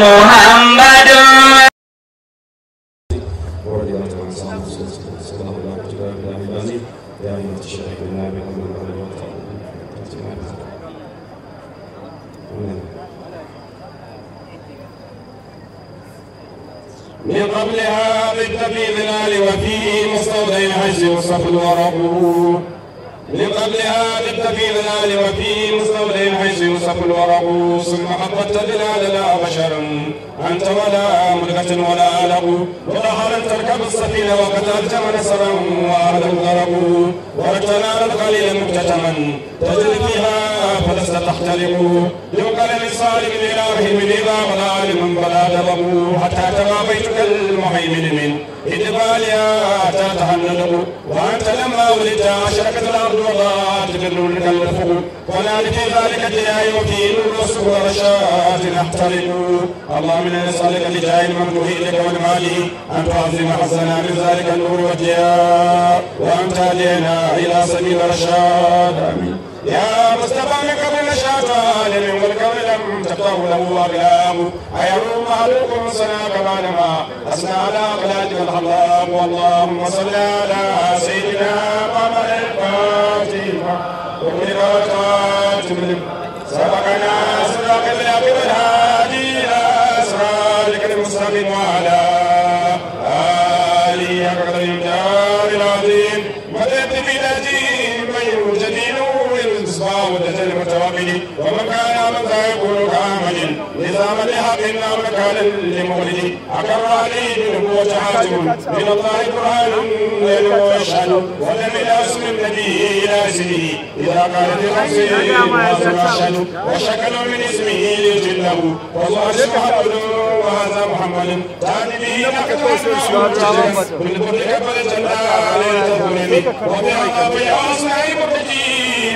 محمد ورضي الله عن صحابه صلى الله عليه وسلم يا أمة الشيخ النبي من قبلها بالتبليغ الآل وفيه مستودع الحج وصف الورق لقبلها بت في منال وفي مستودع حيث يوصف الورق ثم حطت بلال لا بشرا انت ولا ملكة ولا له ان تركب السفينة وقد الجم نسرا واهل الغرق نار القليل مكتتما تجري فيها فلست تختلف ينقل للصالح لله من اذا ولا لمن فلا تبغوا حتى تما المهيمن منه باليات تهننه وأنت لما ولدت أشركت الأرض وضاعت بالنور كالفوق في ذلك الدنيا وكيل الرسل ورشات نحترم اللهم إنا نسألك لجاه الممدوح لك ولماله أن تعظم حسنا من ذلك النور والضياء وأن تهدينا إلى سبيل الرشاد آمين يا مصطفى قبل شاطا لمن والكون لم تبطه له أقلام أيهم أهلكم صنع كمالما أسنى على أقلاتك الحلام اللهم صل على سيدنا محمد الفاتحة وكل منه سبقنا صدق الله بالهادي إلى أسرارك المستقيم وعلى ومكان من ذا يكون كامل نظام لحق لا مكان لمولد أكر عليه بالنبوة وشكل من اسمه ليجله والله محمد وهذا محمد تعني به لك من كل كبر الجنة عليه تكون وبها بيع أصحاب الرجيم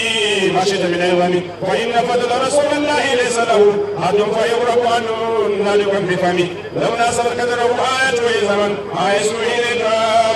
به ما شئت من عظم فإن فضل رسول الله ليس له حد فيغرب عنه ذلك بفمه لو ناسب كدره آية زمن آية سوء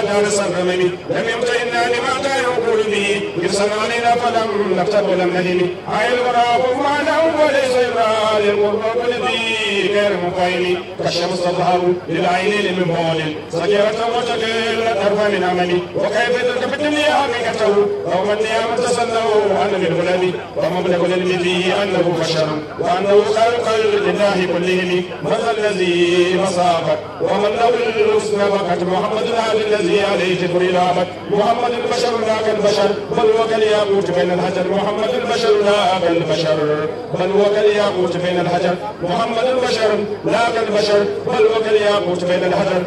دار الصمم لم يمتعنا لما كان يقول به إرسل علينا فلم نفتر ولم نهم عين الغراب ما له وليس إبرار القرب والذي غير مبين كالشمس تظهر للعينين من بول صغيرة وتقل الأرض من عملي وكيف تلك بالدنيا حقيقته رغم النعم تسنوا أن من ومبلغ العلم فيه أنه بشر وأنه خلق لله كلهم من الذي مصابك ومن له الحسنى فقد محمد العبد الذي عليه جبريل عبد محمد البشر لا كالبشر بل هو كالياقوت بين الحجر محمد البشر لا كالبشر بل وكالياقوت بين الحجر محمد البشر البشر لا كالبشر بل وكالياقوت بين الحجر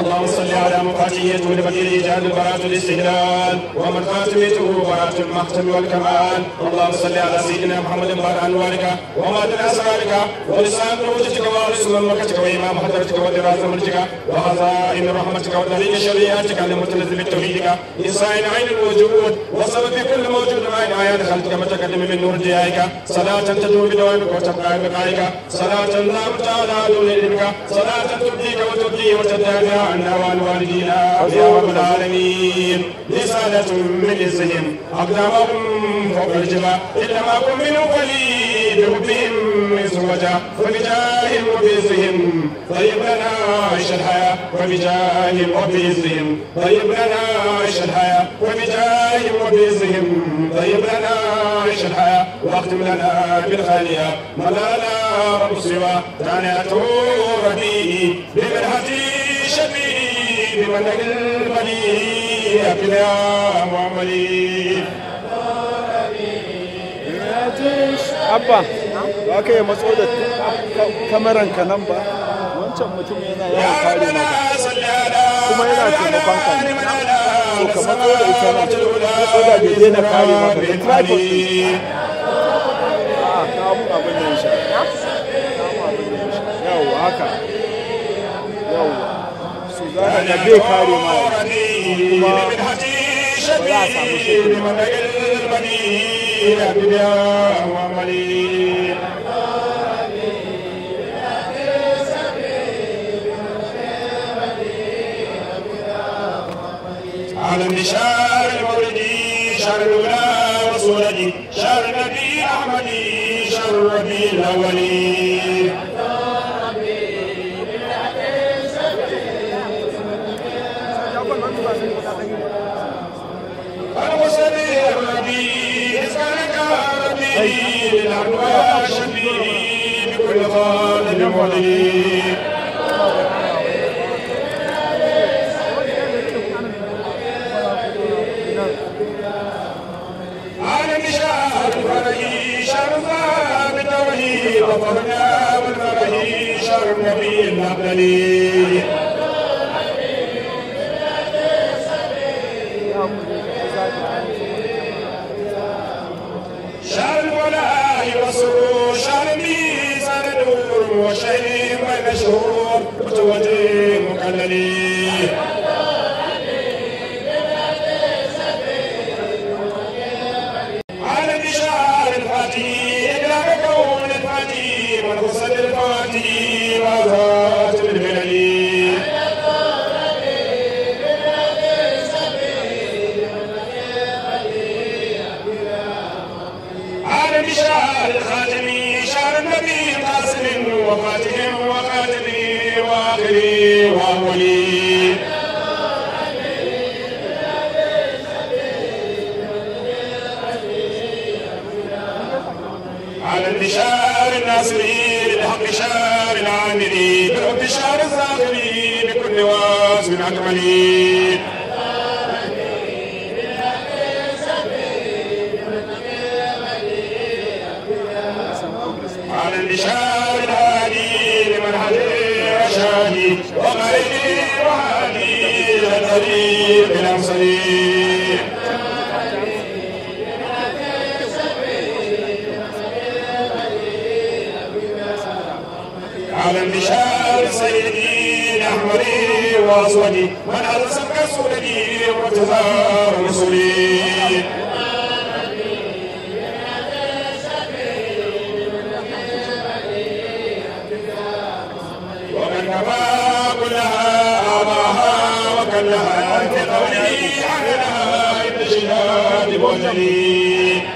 اللهم صل على مقاتيته البقيع جعل براءة الاستهلال ومن خاتمته براءة المختم والكمال اللهم صل على سيدنا محمد بار انوارك ومادن اسرارك ولسان نبوتك ورسول مملكتك وامام حضرتك ودراسه ملكك وخزائن رحمتك ودليل شريعتك المتلذ بتوحيدك انسان عين الوجود وسبب كل موجود عين عيان خلتك متقدم من نور ديائك صلاة تدوم بدوامك وتبقى بقائك صلاة لا دون علمك صلاة تبديك وتبديه وتدافع وعنا وعن والدينا يا رب العالمين رسالة من عزهم أقدامهم فوق الجبال إلا ما كن من قليل بربهم من زوجة وبجاههم وبعزهم طيب لنا عيش الحياة وبجاههم وبعزهم طيب لنا عيش الحياة وبجاههم وبعزهم طيب لنا عيش الحياة واختم لنا بالخالية ما لنا رب سوى تانعته ربي بمنحته الشفيع بمنهج البريء معملي Abba, ba ka yi matso da kamaranka nan ba, wancan mutum yana yawan kare maka kuma yana taimakon ka ne. So ka matso da ita nan, matso da bai daina kare maka, ka kare maka. Ah, ka abin nan da bai kare ma kuma ba za a samu shi على النشار المولدي شهر الأولى وصولدي شهر النبي أحمدي شهر الربيع الأولي ظالم عليم على نشاط الفرعي شرفا بالتوحيد وفرنا بالفرعي شرف نبي الأبدلين مشهور وتودي مكللي على مشعر سيدي أحمري وأسودي من أرسم كسولدي وارتفاع رسولي ومن كفى كلها أباها وكلها في قولي عهدها ابن شهاد بوجلي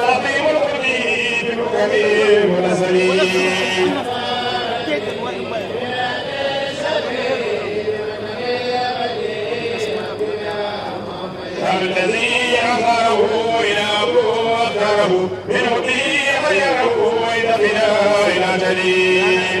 الحكيم الأزلي الذي أثره إلى أبوه وأكره من أبيه حيره إلى بناء إلى جليل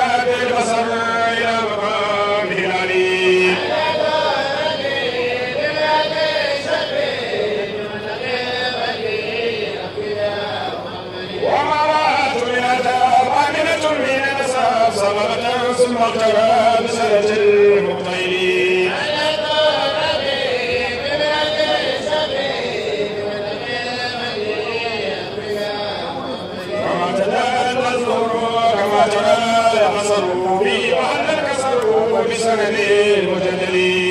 المحتوى بسنة المقتيل كما تلا الأزهر كما المجدلين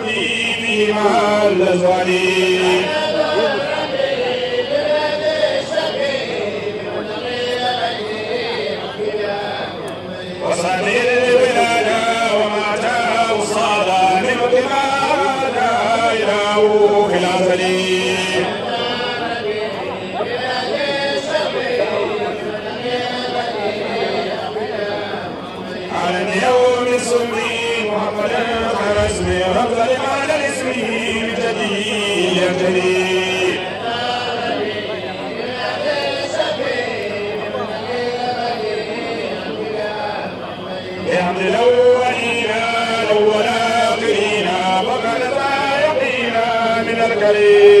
مع الأزعرين تجري الأولين الأولين آخرين يقينا من الكريم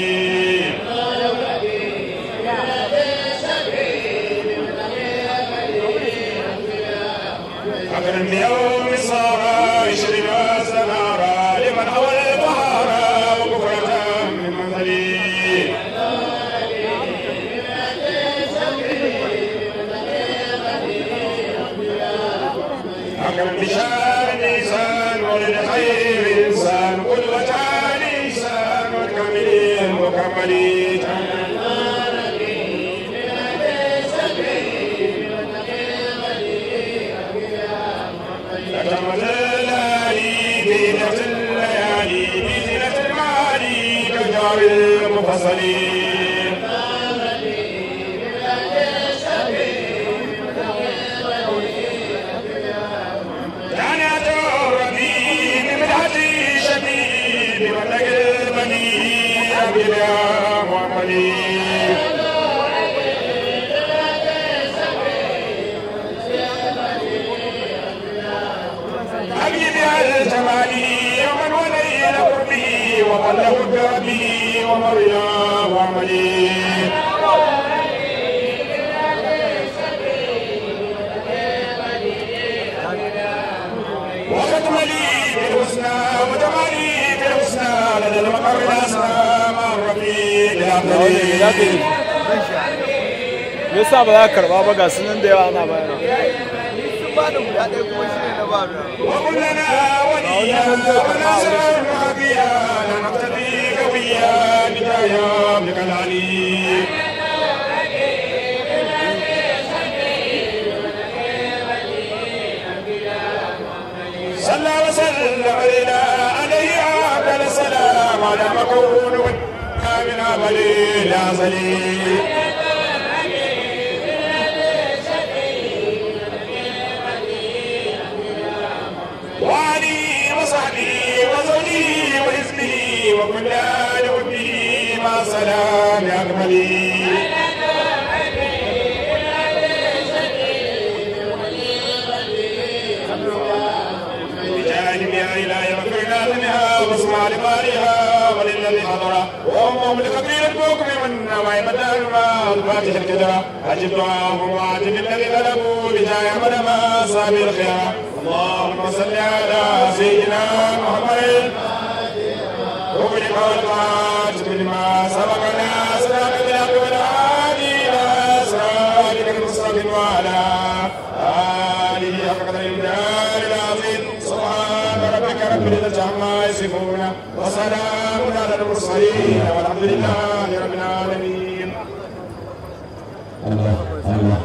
والليالي ليلة الليالي بزينة المعالي كالجار المفصلين العليم me yasa ba za ka karba ba ga sunan da yawa ana bayana ba da ɗaya na da wani ya يومك العليم صلى وسلم علينا عليه عبد السلام على مكون من أبلي لا صليب لنا يا إلهي اللهم صل على سيدنا محمد وبالقول القاتل لما سبق وسلام على المرسلين والحمد لله رب العالمين الله الله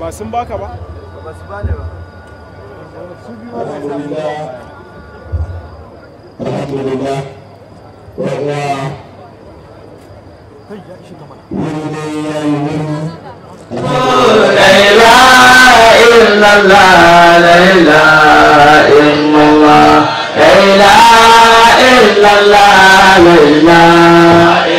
ba sun baka ba ba su bane ba alhamdulillah alhamdulillah wa'uwa wuri ne ya yi wuri la ilaha illallah la ilaha ilaha illallah, la ilaha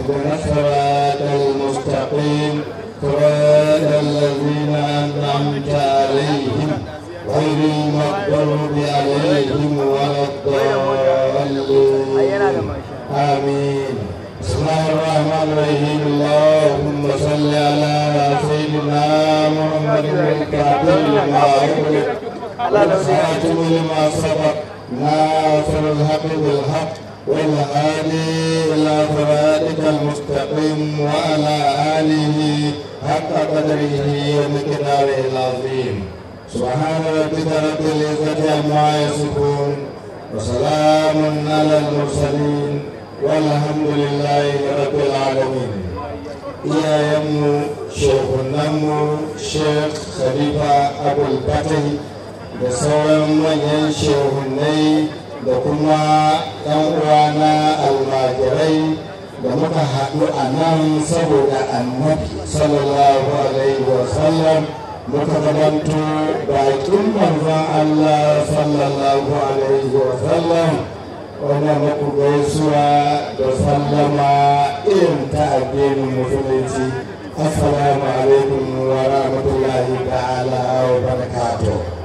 اهدنا الصراط المستقيم صراط الذين أنعمت عليهم غير المغضوب عليهم ولا الضالين آمين بسم الله الرحمن الرحيم اللهم صل على سيدنا محمد الكاتب لما أغلق والخاتم لما سبق ناصر الحق بالحق والهادي إلى صراطك المستقيم وعلى آله حق قدره ومقداره العظيم سبحان ربك رب العزة عما يصفون وسلام على المرسلين والحمد لله رب العالمين شيخ النمو شيخ خليفة أبو abulbatai da sauran شيخ النيل da kuma yan uwana almajirai da muka haɗu a nan saboda annabi sallallahu alaihi wa sallam muka zamanto bakin manzon Allah sallallahu alaihi wa sallam wannan muku gaisuwa da sallama irin ta addinin musulunci assalamu alaikum wa rahmatullahi ta'ala wa barakatuh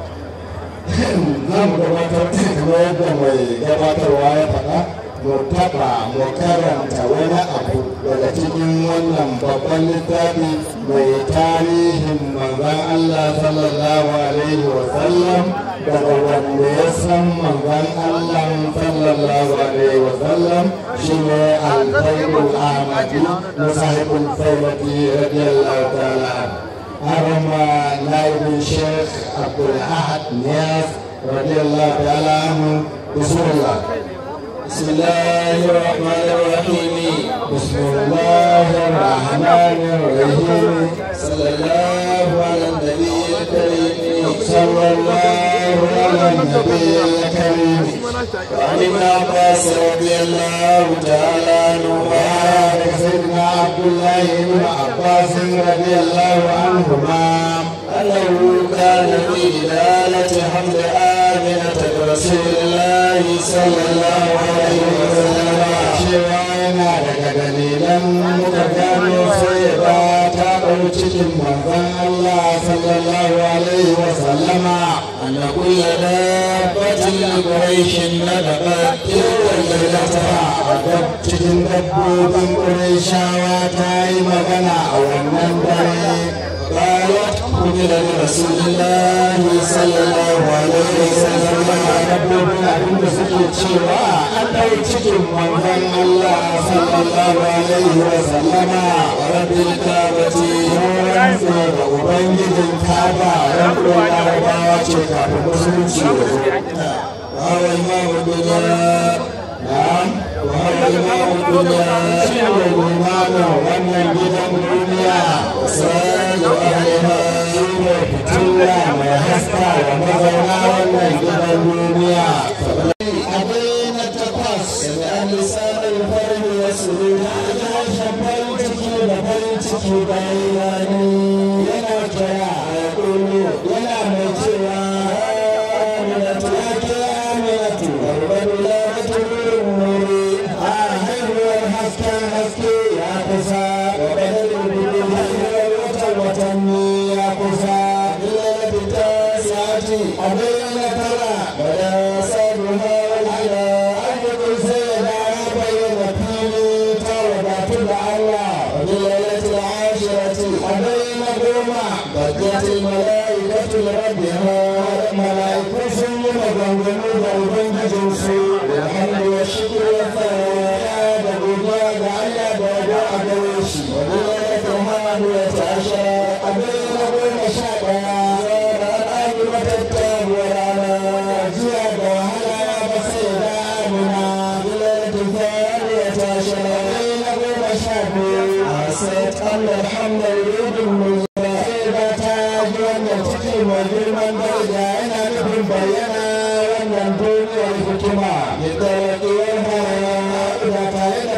za mu gabatar kamar yadda mai gabatarwa ya faɗa mu taɓa mu karanta wani abu daga cikin wannan babban littafi mai tarihin manzan Allah sallallahu alaihi wa sallam daga wanda ya san manzan Allah sallallahu alaihi wa sallam shi ne al-Faibul Ahmadi na sahibul Faibati radiyallahu ta'ala مرحوم نائب الشيخ عبد الاحد نياز رضي الله تعالى عنه بسم الله بسم الله الرحمن الرحيم بسم الله الرحمن الرحيم صلى الله على النبي الكريم صلى الله على عن ابن عباس رضي الله تعالى عنه وعن سيدنا عبد الله بن عباس رضي الله عنهما أنه كان في دلالة حمد آمنة رسول الله صلى الله عليه وسلم شوائنا لك دليلا متكامل صيبا cikin manzon Allah sallallahu alaihi wa sallama anna kulla dabbatin quraishin nadabat tilkan lailataha dab cikin dabbobin quraishawa ta yi magana a wannan dare qalat hijirar rasulullahi sallallahu da dabbobin abin da suke cewa an ɗau cikin manzon Allah sallallahu alaihi wasallam rabbil kabati yawan da ubangijin kaba rabbul larabawa وهو نعم وهو شعر الدنيا أهلها hanyar fitila mai haska wa mazauna wannan gidan na da an samun da ya farin ciki yana yana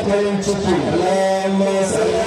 farin ciki. Allahumma salli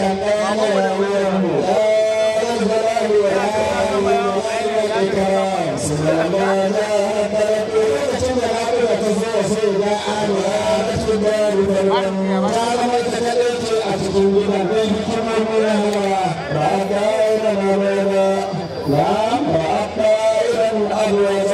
لا رأى طائرا أبواب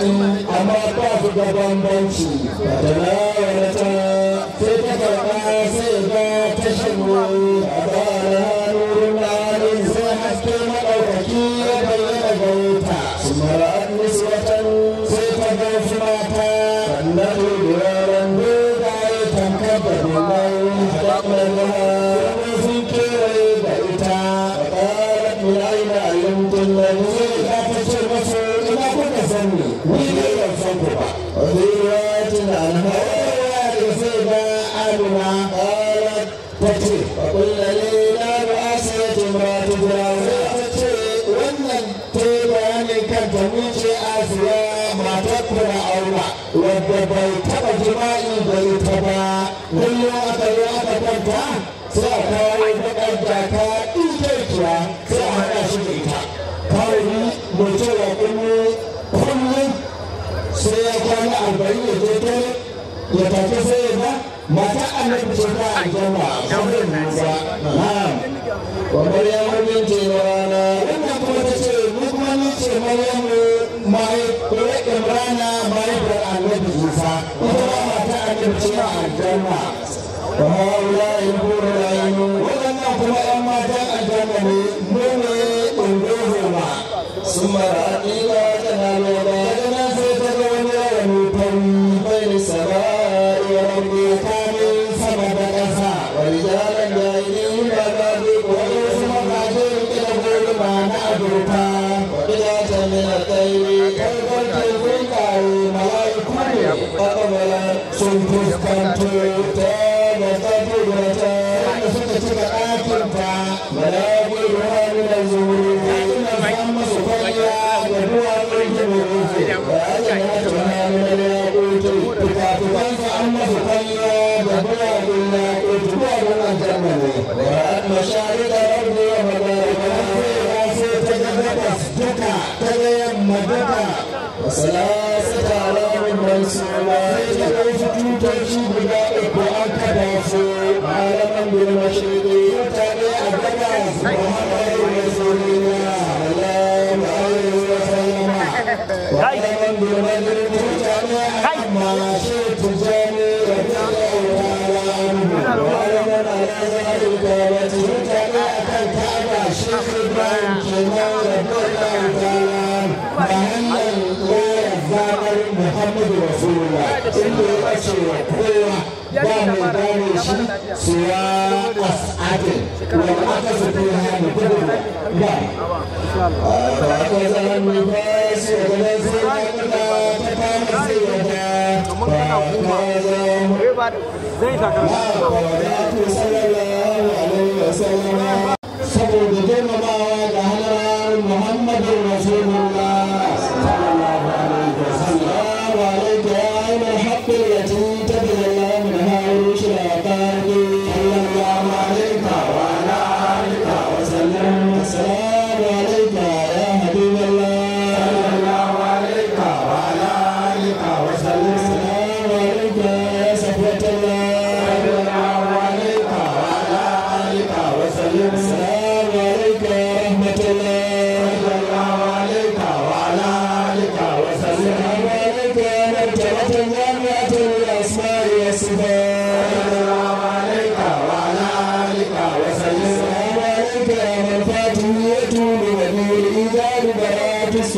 daɗi amma ba su da bambanci ba ta lawar ta sai ta karɓa sai ga tashin ruwa a bara وهؤلاء الحور العين وذنبهم zo inda ya bace wa kowa shi aka zafi hannu gudu ba a bakon zaman su da ganin sai ya ta kama sai ya ga ba kawai zaman ba kawai da ake sallallahu alaihi wasallam saboda girmamawa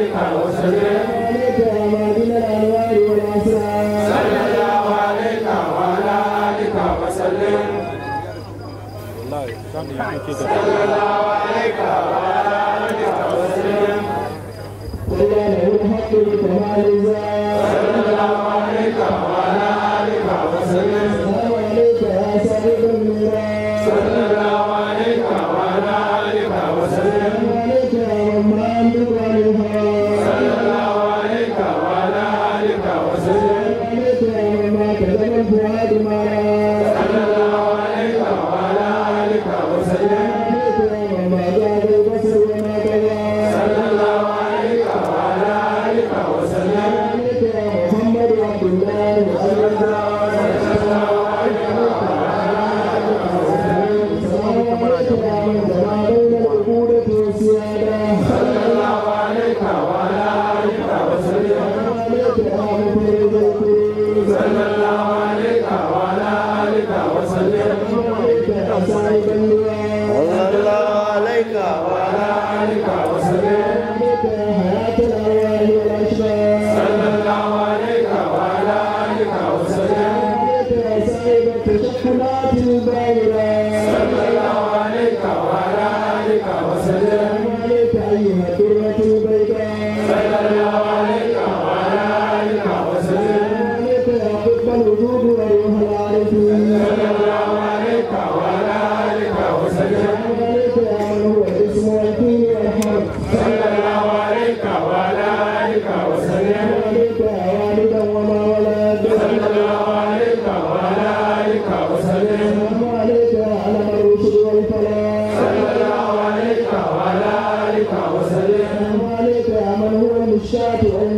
ذلك وسلم عليك ومعدن الانوار والاسرار صلى الله عليك وعلى اليك وسلم صلى الله عليك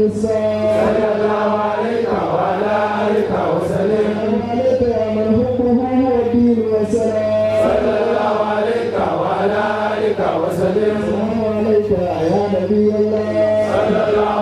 وسلم عليك يا نبي الله صلى الله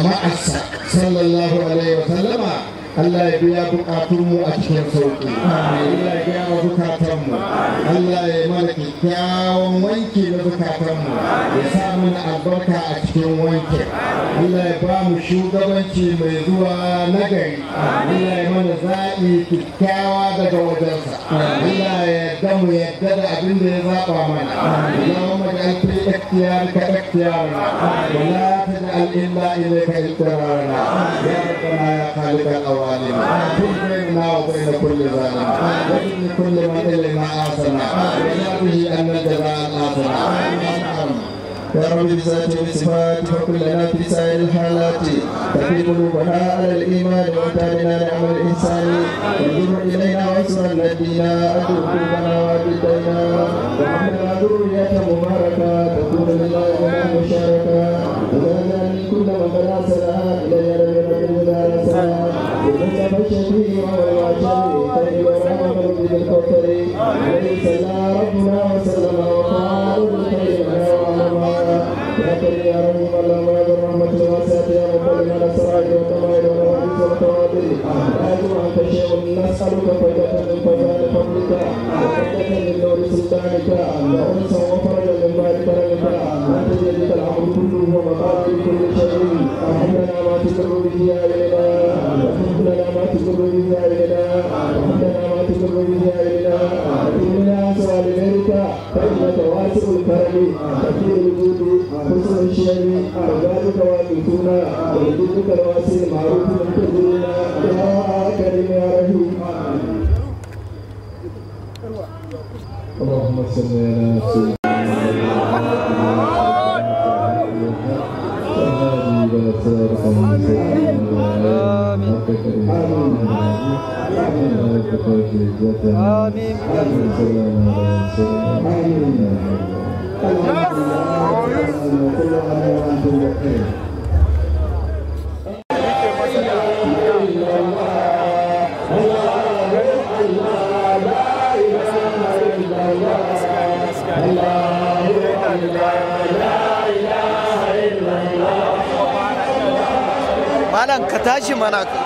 jama'arsa sallallahu alaihi wa sallama Allah ya biya bukatunmu a cikin sauki Allah ya biya wa bukatunmu Allah ya mana kyakkyawan wanki na bukatunmu ya sa mana albarka a cikin wanki Allah ya ba mu shugabanci mai zuwa na gari Allah ya mana zaɓi kyakkyawa daga wajensa Allah ya damu mu yarda da abin da ya zaɓa mana الأمر اختيار كاختيار ولا تجعل إلا إليك اضطرارنا يا ربنا يا خالق الأوالينا كن بيننا وبين كل ظالم وإن كل من إلينا آسنا ولا به أن الجزاء آسنا اللهم آمين يا رب بذاته بصفات وكلنا في سائر الحالات تفي قلوبنا على الايمان وتابنا نعم الانسان انظر الينا واسرا نجينا اجر قلوبنا وجدنا وعملنا ذريه مباركه تكون لنا لنا مشاركه وزادنا من كل من بلا سلام الينا لم يبلغ دار سلام بالمصطفى الشفيع والعشر خير ورحمه بالكوثر عليه صلى ربنا وسلم وقال بالخير رحيم اللهم يا ذا الرحمة الواسعة يا مطلب على السراج وطمائل والرحمة والتواضي لازم أنت شيء نسألك فجأة من فضل فضلك وفجأة من نور سلطانك وأنسا وفرجا من بعد كرمك أنت بيدك الأمر كله ومقاصد كل شيء أحب لنا ما تسر به أعيننا وأحب لنا ما تسر به أعيننا وأحب لنا ما تسر به أعيننا إننا سؤال غيرك فإنك واسع الكرم كثير يكون ولدك الواسع المعروف منتظرنا يا كريم يا رحيم اللهم صل على سيدنا آمين آمين hoje, mano,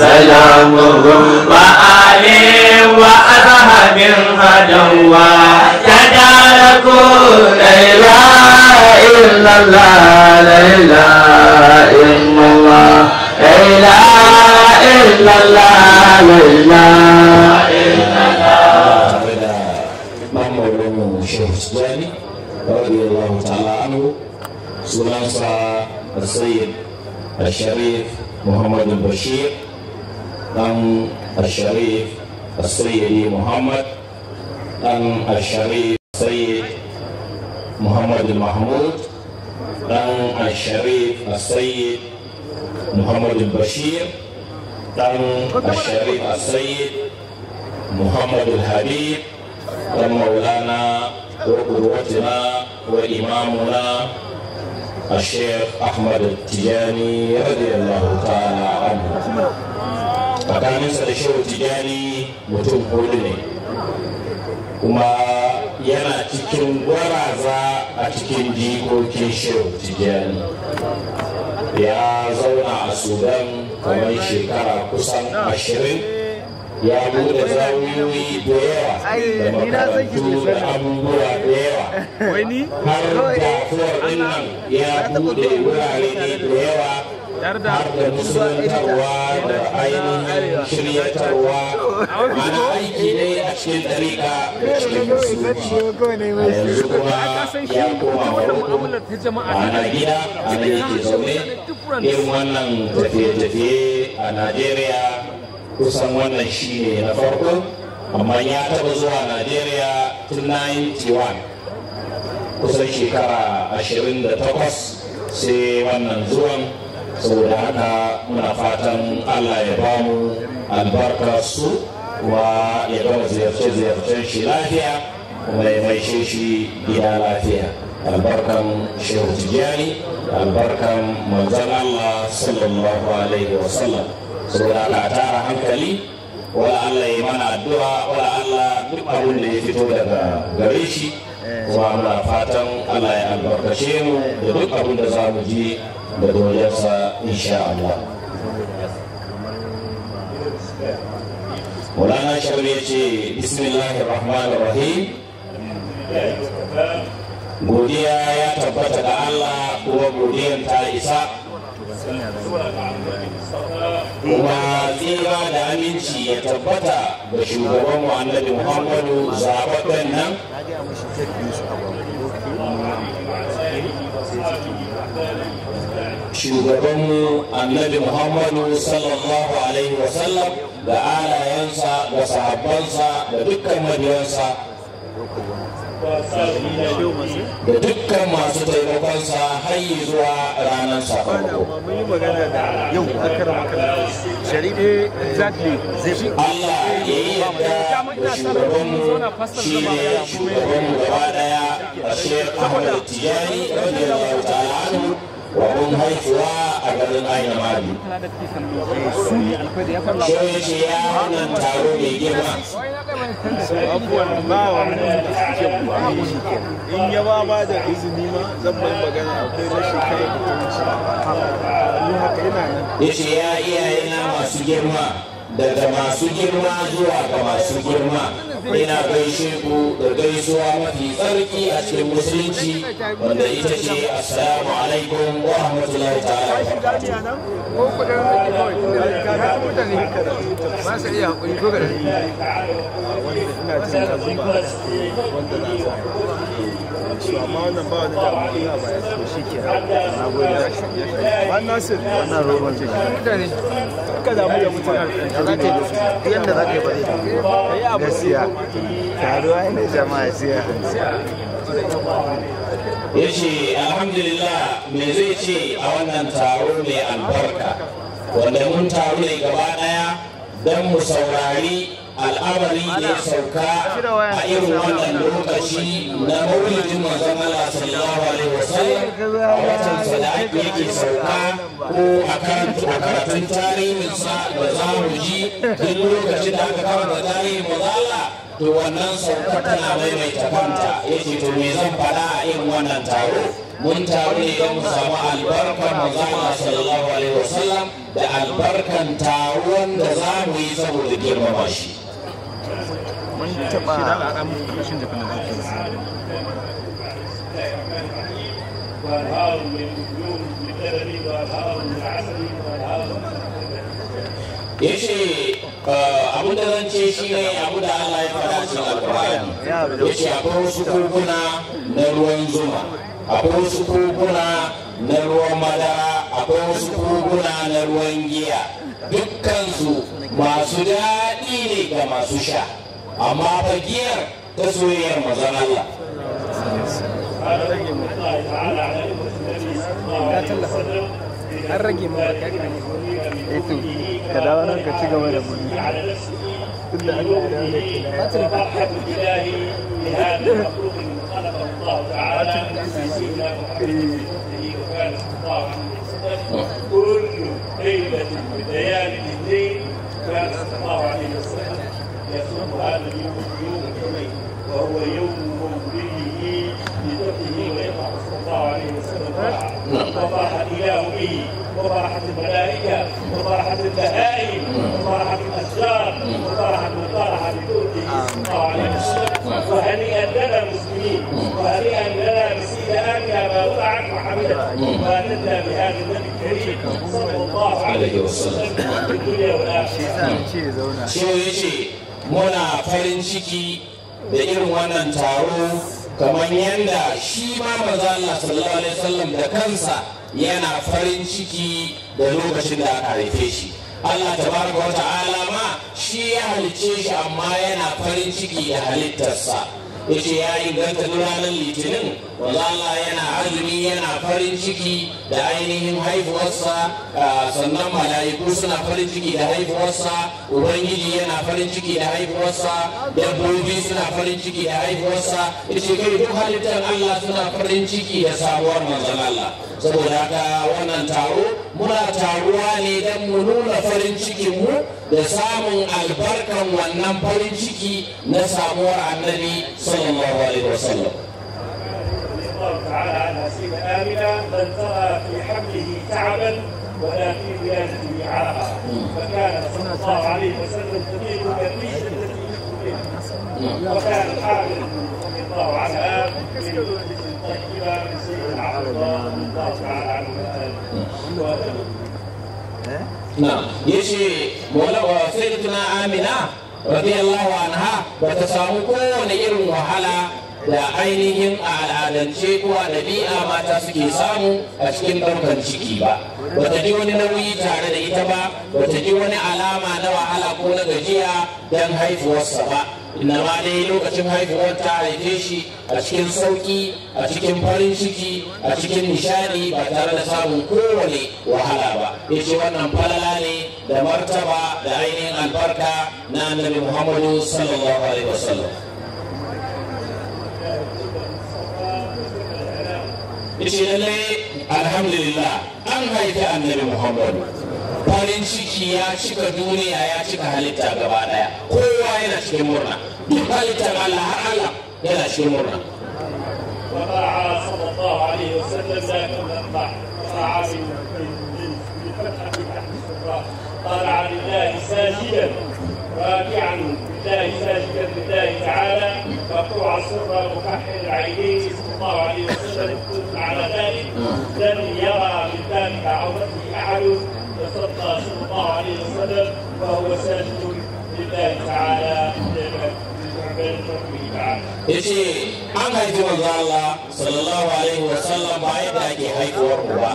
سلام وآله وأصحاب هدوا تداركوا لا إله إلا الله لا إله إلا الله لا إله إلا الله لا إله إلا الله محمد بن الشيخ السوداني رضي الله تعالى عنه سلاسة السيد الشريف محمد البشير dan Al-Syarif Al-Sayyidi Muhammad dan Al-Syarif Sayyid Muhammad Al-Mahmud dan Al-Syarif Al-Sayyid Muhammad Al-Bashir dan Al-Syarif Al-Sayyid Muhammad Al-Habib dan Maulana wa Urwatina wa Imamuna الشيخ أحمد التجاني رضي الله تعالى عنه tsakaninsa da shehu tijani mutum hudu ne kuma yana cikin gwaraza a cikin jikokin shehu tijani ya zauna a sudan kamar shekara kusan ashirin ya bude zawiyoyi da yawa da makarantu da abubuwa da yawa har da nan ya bude wurare ne da yawa yarda da gudanarwa da ainihin shiryatarwa mana aiki ne a cikin ɗariƙa da cikin musulma a yanzu kuma ya koma farko ma'ana gida a nan yake zaune yin wannan tafiye-tafiye a najeriya kusan wannan shi ne na farko amma ya taɓa zuwa najeriya tun 91 kusan shekara 28 sai wannan zuwan saboda haka muna fatan allah ya ba mu albarkarsu su kuma ya gama ziyarce-ziyarcen shi lafiya kuma ya mai shi gida lafiya albarkan shehu tijjani albarkan manzan allah sallallahu alaihi wasallam saboda haka tara hankali wala allah ya mana addu'a wala allah duk abin da ya fito daga gare shi kuma muna fatan allah ya albarkace mu da duk abin da za mu je da doriyarsa insha Allah Maulana Shabir ya ce bismillahir rahmanir rahim godiya ya tabbata da Allah kuma godiyar ta isa kuma tsira da aminci ya tabbata ga shugabanmu annabi Muhammadu zaɓaɓɓen nan shugabanmu annabi muhammadu sallallahu alaihi wasallam da alayensa da sahabbansa da dukkan mabiyansa da dukkan masu taimakonsa har zuwa ranar sakamako. Allah ya yi yadda da shugabanmu shi ne shugabanmu gaba daya a shekarar tijani rabin yau ta'ala wajen haihuwa a garin anyamari sai ya ya wannan taro mai girma in ya ba ba da izini ma zan bai magana akwai kai mutunci ina ya ce ya iyayena masu girma daga masu girma zuwa ga masu girma ina gaishe ku da gaisuwa mafi tsarki a cikin musulunci wanda ita ce assalamu alaikum wa rahmatullahi ta'ala Thank you. su amma wannan ba wani damu ina ba ya to shi ke na gode ya shi wannan ce mutane ka damu da mutane za yi yadda za ka yi ba zai taruwa jama'a siya ya ce alhamdulillah me zai ce a wannan taro mai albarka wanda mun taru ne gaba daya don mu saurari al'amari ya sauka a irin wannan lokaci na maulidin manzon Allah sallallahu alaihi wasallam a watan sadaki yake sauka ko a karatun sa da za mu ji duk lokacin da aka karanta tarihin manzala to wannan sauka tana maimaita kanta yace to me zan faɗa a irin wannan taro mun taru ne don mu samu albarkar manzala sallallahu alaihi wasallam da albarkan taron da za mu yi saboda girmama shi mun taɓa ya ce eh, abu da zan ce shi ne abu da Allah ya fara cin ya ce akwai wasu koguna na ruwan zuma akwai wasu koguna na ruwan madara akwai wasu koguna na ruwan giya dukkansu masu daɗi daɗi ne ga masu sha amma fa giyar ta soyayyar mazan Allah an rage mu ba kai kan eto ka dawo nan ka ci gaba da mu tun da Allah ya rage ka كل ليلة بديان الدين كان صلى الله عليه وسلم يصوم هذا اليوم يوم الحنين وهو يوم مولده لذكره ويقع صلى الله عليه وسلم وراح الى به وراحت الملائكه وراحت البهائم وراحت الاشجار من طرح بكل صلى الله عليه وسلم وهنيئا لنا وهنيئا لنا بسيدنا ما وقعت وحمدا واتتنا بهذا النبي الكريم صلى الله عليه وسلم في الدنيا والاخره. شو يجي muna farin ciki da irin wannan taro kamar yadda shi ma manzo Allah sallallahu alaihi wasallam da kansa yana farin ciki da lokacin da aka haife shi Allah tabaraka wa ta'ala ma shi ya halicce shi amma yana farin ciki da halittarsa yace ya inganta duk ranar litinin wanda yana azumi yana farin ciki da ainihin haifuwarsa ah, sannan mala'iku suna farin ciki da haifuwarsa ubangiji yana farin ciki da haifuwarsa dabbobi suna farin ciki da haifuwarsa ce kai duk halittar Allah suna farin ciki da sabuwar manzan Allah saboda haka wannan taro muna taruwa ne don mu nuna farin cikinmu da samun albarkan wannan farin ciki na samuwar annabi sallallahu alaihi wasallam ولا في ولادته عاقه فكان صلى الله عليه وسلم تبين كالريح التي يشكو وكان حامل رضي الله عنها من لؤلؤ طيبه سيد عبد الله رضي الله تعالى عنه Eh? yace maulawa sayyidatuna amina radiyallahu anha bata samu kowane irin wahala da ainihin al'adance ko a mata suke samu a cikin ɗaukar ciki ba bata ji wani nauyi tare da ita ba bata ji wani alama na wahala ko na gajiya don haifuwarsa ba laraba ne lokacin haihuwar ta haife shi a cikin sauki a cikin farin ciki a cikin nishadi ba tare da samun kowane wahala ba ya ce wannan falala ne da martaba da ainihin albarka na annabi muhammadu sallallahu alaihi wasallam ya ce lallai alhamdulillah an haifi annabi muhammadu farin ciki ya cika duniya ya cika halitta gaba daya kowa yana cikin murna duk halittar Allah har Allah yana cikin murna وضع صلى الله عليه وسلم ذاك المذبح صعب بالفتح بالتحرير طلع لله ساجدا راكعا لله ساجدا لله تعالى ركوع سرا مكحل عينيه صلى الله عليه وسلم على ذلك لم يرى من ذلك عورته احد يتلقى صلى الله عليه وسلم فهو ساجد لله تعالى yace an itu manzo sallallahu alaihi wasallam Baik lagi hai ake haihuwar uwa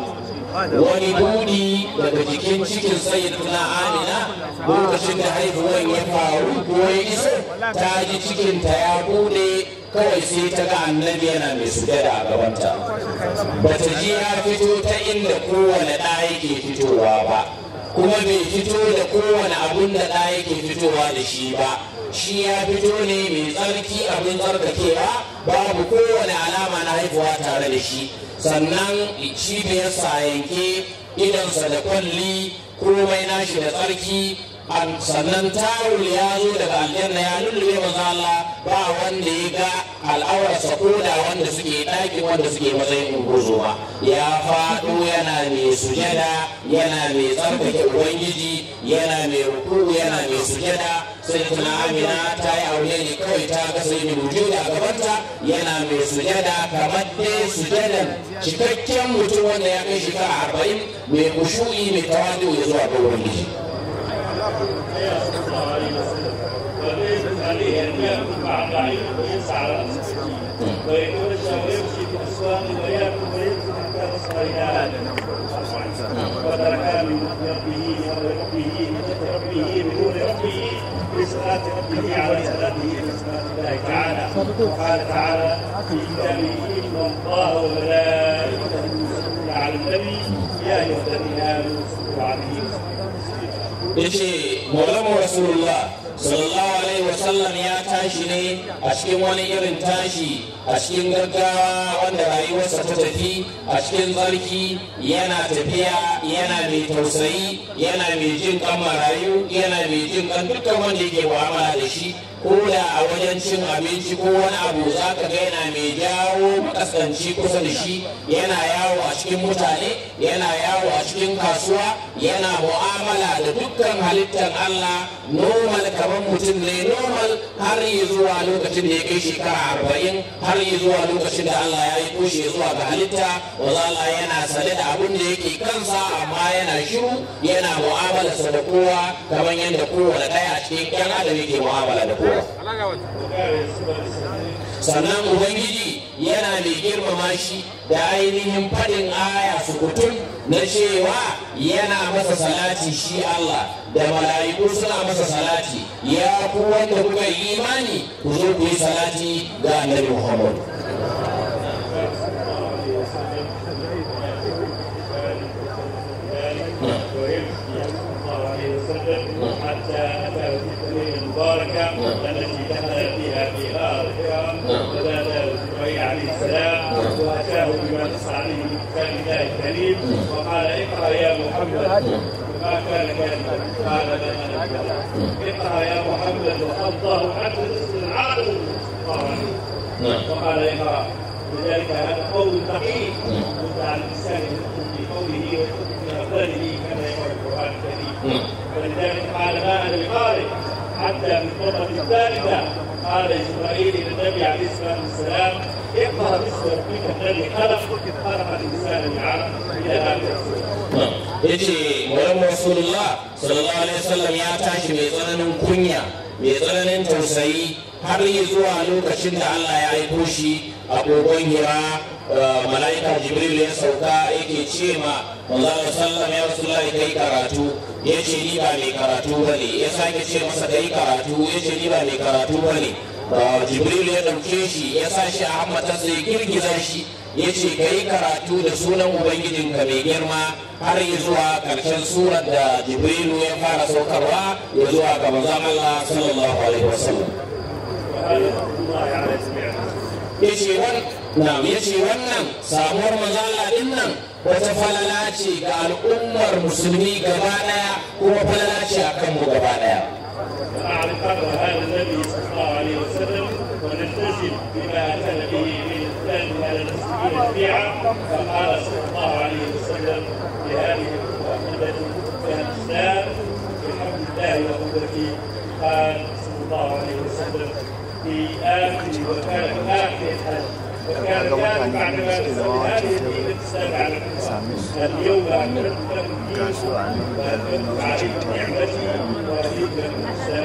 wani duni daga jikin cikin sayyiduna Amina lokacin da haihuwar ya faru ko ya iso ta cikin ta ya kawai sai ta ga annabi yana mai sujada a gabanta ba ta ji ya fito ta inda kowane ɗa yake fitowa ba kuma bai fito da kowane abun da ɗa yake fitowa da shi ba shi ya fito ne mai tsarki abin tsarkakewa babu kowane alama na haifuwa tare da shi sannan cibiyarsa yanke idansa da kwalli komai nashi da tsarki sannan tawul ya zo daga aljanna ya lullube maza Allah ba wanda ya ga al'aurarsa ko da wanda suke ɗakin wanda suke matsayin ungozo ba ya faɗo yana mai sujada yana mai tsarkake ubangiji yana mai ruku yana mai sujada sai tuna amina ta yi aure ne kawai ta ga sai mai da gabanta yana mai sujada kamar dai sujadan cikakken mutum wanda ya kai shekara arba'in mai kushu'i mai tawadu ya zuwa ga ubangiji صلى الله عليه وسلم وليس عليه ان ياكل مع بعير ويسعى على المسلمين ويكون الشهر يمشي في الاسواق وياكل ويمكن حتى وصل الى ادم وتركها من ربه وربه ربه بنور ربه بصلاة ربه على صلاته بصلاة الله تعالى قال تعالى في كتابه إن الله وملائكته يصلون على النبي يا أيها الذين آمنوا صلوا yace maulama rasulullah sallallahu alaihi wasallam ya tashi ne a cikin wani irin tashi a cikin gaggawa wanda rayuwarsa ta tafi a cikin tsarki yana tafiya yana mai tausayi yana mai jin kan marayu yana mai jin kan dukkan wanda yake mu'amala da shi koda a wajen cin abinci ko wani abu za ka ga yana mai jawo makasanci kusa da shi yana yawo a cikin mutane yana yawo a cikin kasuwa yana mu'amala da dukkan halittar Allah normal kamar mutum ne normal har yi zuwa lokacin da ya kai shekara arba'in har yi zuwa lokacin da Allah ya yi kushe zuwa ga halitta Allah yana sane da abin da yake kansa amma yana shiru yana mu'amalarsa da kowa kamar yadda kowane ɗaya a cikin 'yan adam yake mu'amala da kowa sannan ubangiji yana mai girmama shi da ainihin faɗin aya sukutun na cewa yana masa salati shi Allah da mala'iku suna masa salati ya ku wanda kuka imani ku zo ku yi salati ga annabi Muhammad ما كان يعلم ما لنا يا محمد الله عنه العالم وقال يقرا لذلك هذا قول فقيه رد على الانسان في قوله وفي اقواله كما يقول القران الكريم ولذلك قال ما انا بقارئ حتى في الخطبه الثالثه قال اسرائيل للنبي عليه الصلاه والسلام اقرا باسم ربك الذي خلق خلق الانسان من علق الى اخر yace bayan rasulullah sallallahu alaihi wasallam ya tashi mai tsananin kunya mai tsananin tausayi har yi zuwa lokacin da Allah ya aiko shi a kogon hira eh, mala'ika jibril ya sauka yake ce ma manzo sallam ya rasulullahi kai karatu ya ce ni ba mai karatu ba ne, ya sake ce masa kai karatu ya ce ni ba mai karatu ba ne. jibril ya dauke shi ya sa shi a hammatarsa ya girgiza shi ya ce ka yi karatu da sunan ubangijinka mai girma har yi zuwa ƙarshen surar da jibrilu ya fara saukarwa ya zuwa ga manzon allah sallallahu alaihi wasallam ya ce wannan samuwar mazala din nan wata falala ce ga al'ummar musulmi gaba daya kuma falala ce a mu gaba daya ويبيع القرآن صلى الله عليه وسلم في هذه التي كانت الإسلام بحمد الله وقدرته قال صلى الله عليه وسلم في آخر وكان في آخر الحج وكان ذلك بعدما نزل هذه الدين الإسلام على اليوم أكملت لكم دينكم وأتممت عليكم نعمتي ورضيت لكم الإسلام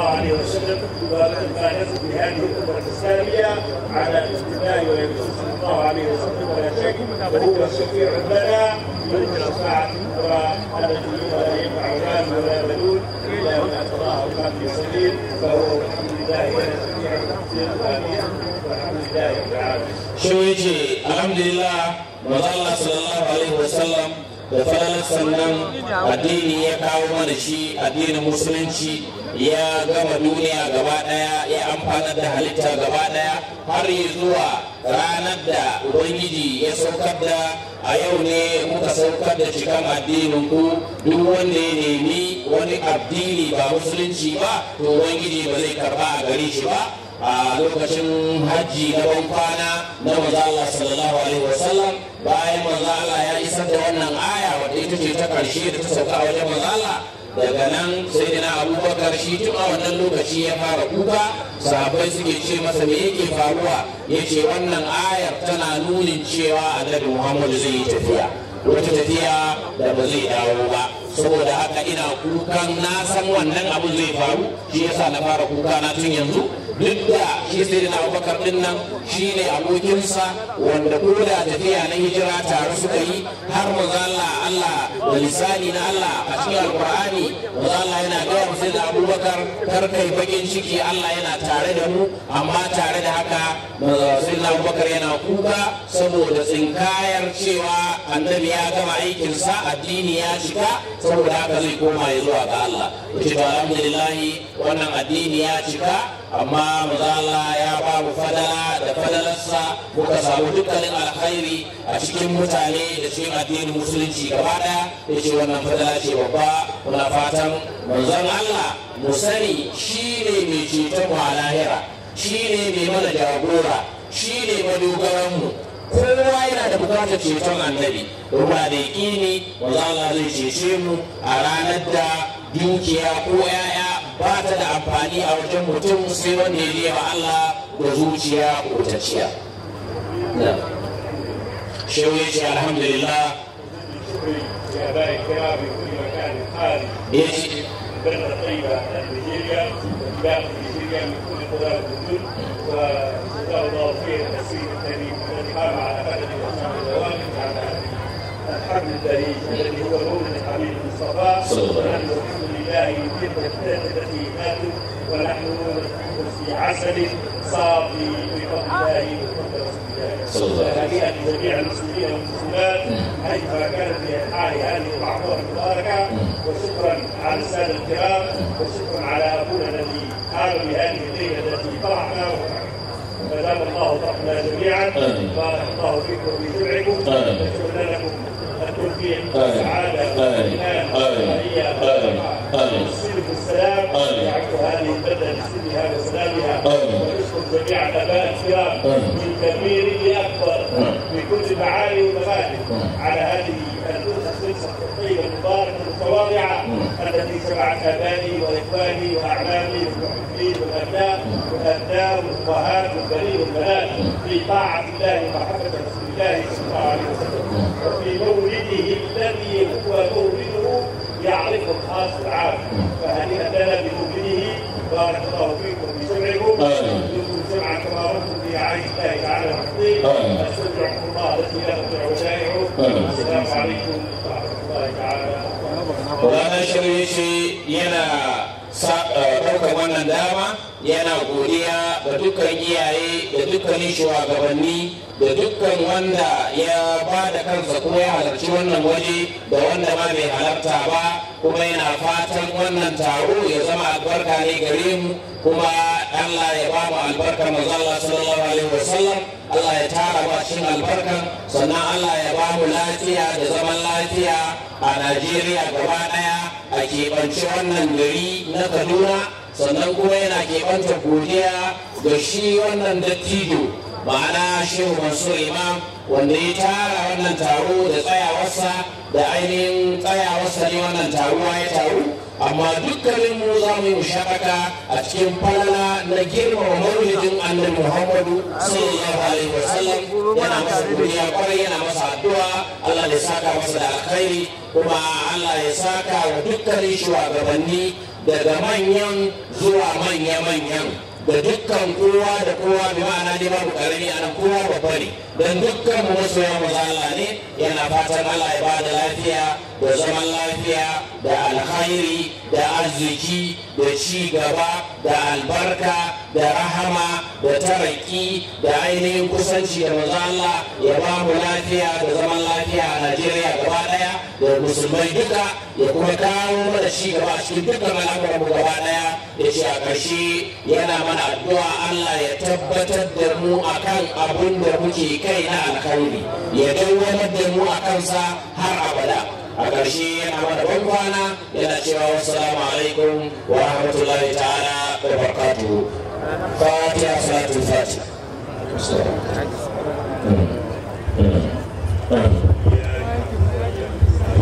الله عليه وسلم والبارك بهذه الأمة الإسلامية على استدلال ويقول صلى الله عليه وسلم ولا شك وهو الشفيع لنا من الشفاعة والذي ولا ينفع مال ولا بنون إلا من اتراه الله في سبيل فهو الحمد لله والشفيع للآمين والحمد لله رب العالمين. شو الحمد لله Allah sallallahu alaihi wasallam da falalar sannan addini ya kawo mana shi addinin musulunci ya gama duniya gaba daya ya amfanar da halitta gaba daya har zuwa ranar da ubangiji ya saukar da a yau ne muka saukar da cikan addinin duk wanda ya nemi wani addini ba musulunci ba to ubangiji ba zai karba a gare shi ba a lokacin hajji na ban na maza sallallahu alaihi wasallam bayan maza ya isar da wannan aya wadda ita ce ta karshe da ta sauka a wajen maza daga nan sai na abubakar shi tun a wannan lokaci ya fara kuka sahabbai suke ce masa me yake faruwa ya ce wannan ayar tana nunin cewa annabi muhammadu zai yi tafiya wata tafiya da ba zai dawo ba saboda haka ina kukan na san wannan abu zai faru shi yasa na fara kuka na tun yanzu duk da shi sai na abubakar din nan shi ne abokinsa wanda koda tafiya na hijira tare suka yi har mazala Allah da lisani na Allah a cikin alkur'ani mazala yana gaya mu sai da abubakar kar kai bakin ciki Allah yana tare da mu amma tare da haka sai da abubakar yana kuka saboda tsinkayar cewa annabi ya gama aikinsa addini ya cika saboda haka zai koma ya zuwa ga Allah. Ita alhamdulillahi wannan addini ya cika amma mazala ya ba fadala da fadalarsa muka samu dukkanin alkhairi a cikin mutane da cikin addinin musulunci gaba daya ya ce wannan fadala ce babba muna fatan manzon Allah mu sani shi ne mai ceton mu a lahira shi ne mai mana jagora shi ne mu kowa yana da bukatar ceton annabi ruwa da yaƙini wanzu Allah zai cece mu a ranar da dukiya ko yaya ba ta da amfani a wajen mutum sai wanda ya ma Allah da zuciya ko tacciya shehu ya ce alhamdulillah ya ce الحمد لله الذي هو مولى الحبيب المصطفى الله التي ماتوا ونحن في عسل صافي بفضل الله وفضل رسول الله فهنيئا لجميع المسلمين والمسلمات حيث كانت في انحاء هذه المعموره المباركه وشكرا على الساده الكرام وشكرا على ابونا الذي قام بهذه الليله التي طرحنا فدام الله طرحنا جميعا بارك الله فيكم في جمعكم وشكرا لكم التوفيق والسعاده والامنيه بالسلام هذه البلده وسلامها جميع الاباء من كبير لاكبر على هذه الطيبه المباركه المتواضعه التي جمعت ابائي واخواني واعمامي والابناء والبنات في طاعه الله ومحبه رسول الله صلى الله عليه وسلم وفي مولد الخاص والعام فهنيئا لنا بمؤمنه بارك الله فيكم بسمعكم انتم سمعا كما رمتم في عين الله تعالى وحفظه استودعكم الله الذي لا تضيع ودائعه السلام عليكم ورحمه الله تعالى وبركاته. ولا شريك لنا ɗaukar wannan dama yana godiya ga dukkan iyaye da dukkanin shugabanni da dukkan wanda ya ba da kansa kuma ya halarci wannan waje da wanda ma bai halarta ba kuma yana fatan wannan taro ya zama albarka ne gare mu kuma Allah ya ba mu albarkar mazalla sallallahu alaihi wasallam Allah ya tara ba cikin albarka sannan Allah ya ba mu lafiya da zaman lafiya a Najeriya gaba daya a keɓance wannan gari na Kaduna sannan kuma yana keɓanta godiya ga shi wannan dattijo ma'ana shehu mansur imam wanda ya tara wannan taro da tsayawarsa da ainihin tsayawarsa ne wannan taruwa ya taru amma dukkanin mu za mu yi musharaka a cikin falala na girmama maulidin annabi muhammadu sallallahu alaihi wasallam yana masa godiya kwarai yana masa addu'a allah ya saka masa da alkhairi kuma allah ya saka wa dukkanin shugabanni daga manyan zuwa manya-manyan da dukkan kowa da kowa bi ma'ana ne babu karami ana kowa babba ne don dukkan mu masoyan maza Allah ne yana fatan Allah ya da lafiya da zaman lafiya da alkhairi da arziki da ci gaba da albarka da rahama da taraki da ainihin kusanci da maza Allah ya ba mu lafiya da zaman lafiya a Najeriya gaba da musulmai duka ya kuma kawo mana ci gaba a cikin dukkan al'amuranmu gaba daya ya ce a ƙarshe yana mana addu'a Allah ya tabbatar da mu akan abin da muke kai na alkhairi ya dawwalar da mu a kansa har abada a ƙarshe yana mana ban kwana yana cewa wassalamu alaikum wa rahmatullahi ta'ala wa barakatuhu fatiha salatul fatiha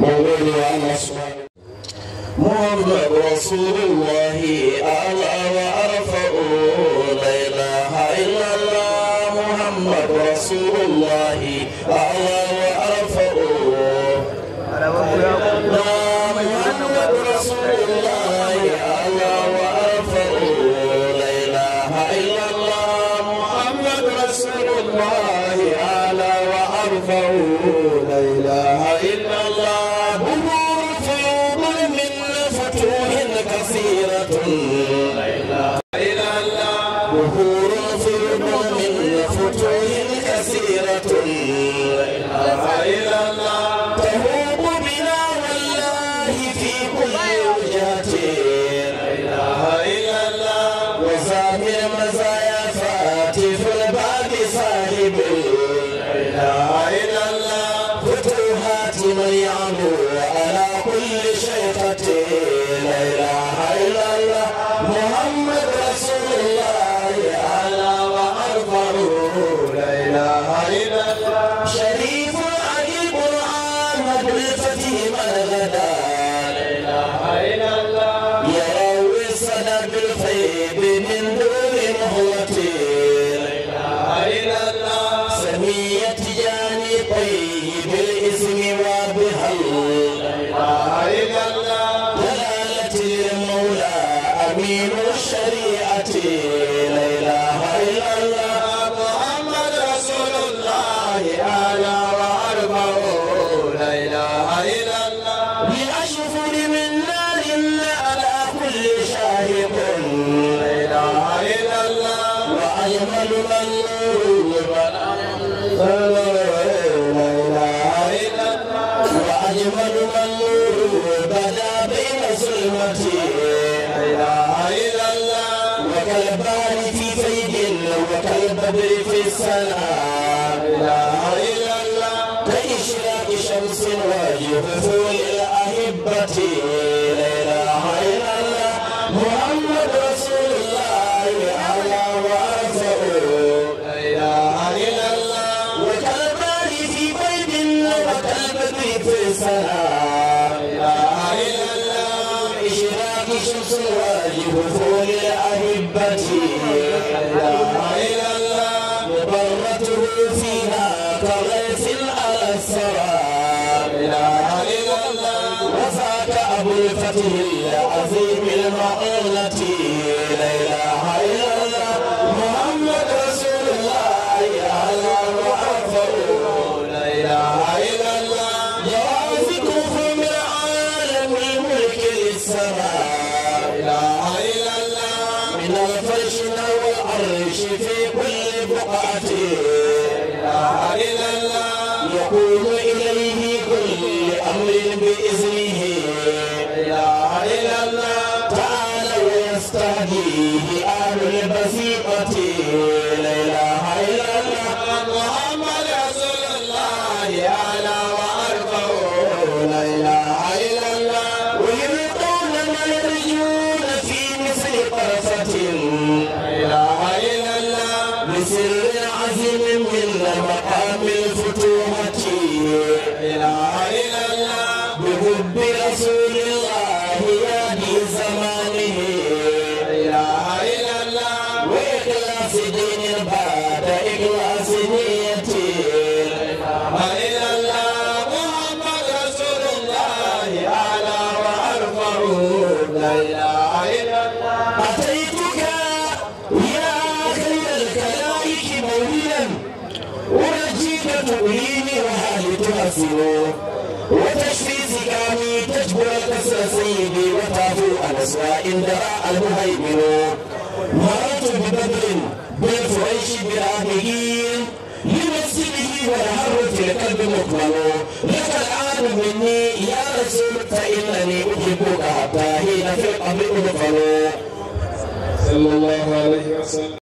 مولانا الله سبحانه محمد رسول الله أعلى وأرفع لا إله إلا الله محمد رسول الله أعلى وأرفع العظيم المؤونة ليلة يسيروا وتشفي زكامي تجبر الكسر سيدي وتعفو الأسواء إن درى المهيمن مررت ببدر بالفريش بالآبهين لمسجده والهر في القلب مكمل لك الآن مني يا رسول فإنني أحبك حتى حين في القبر مدخل صلى الله عليه وسلم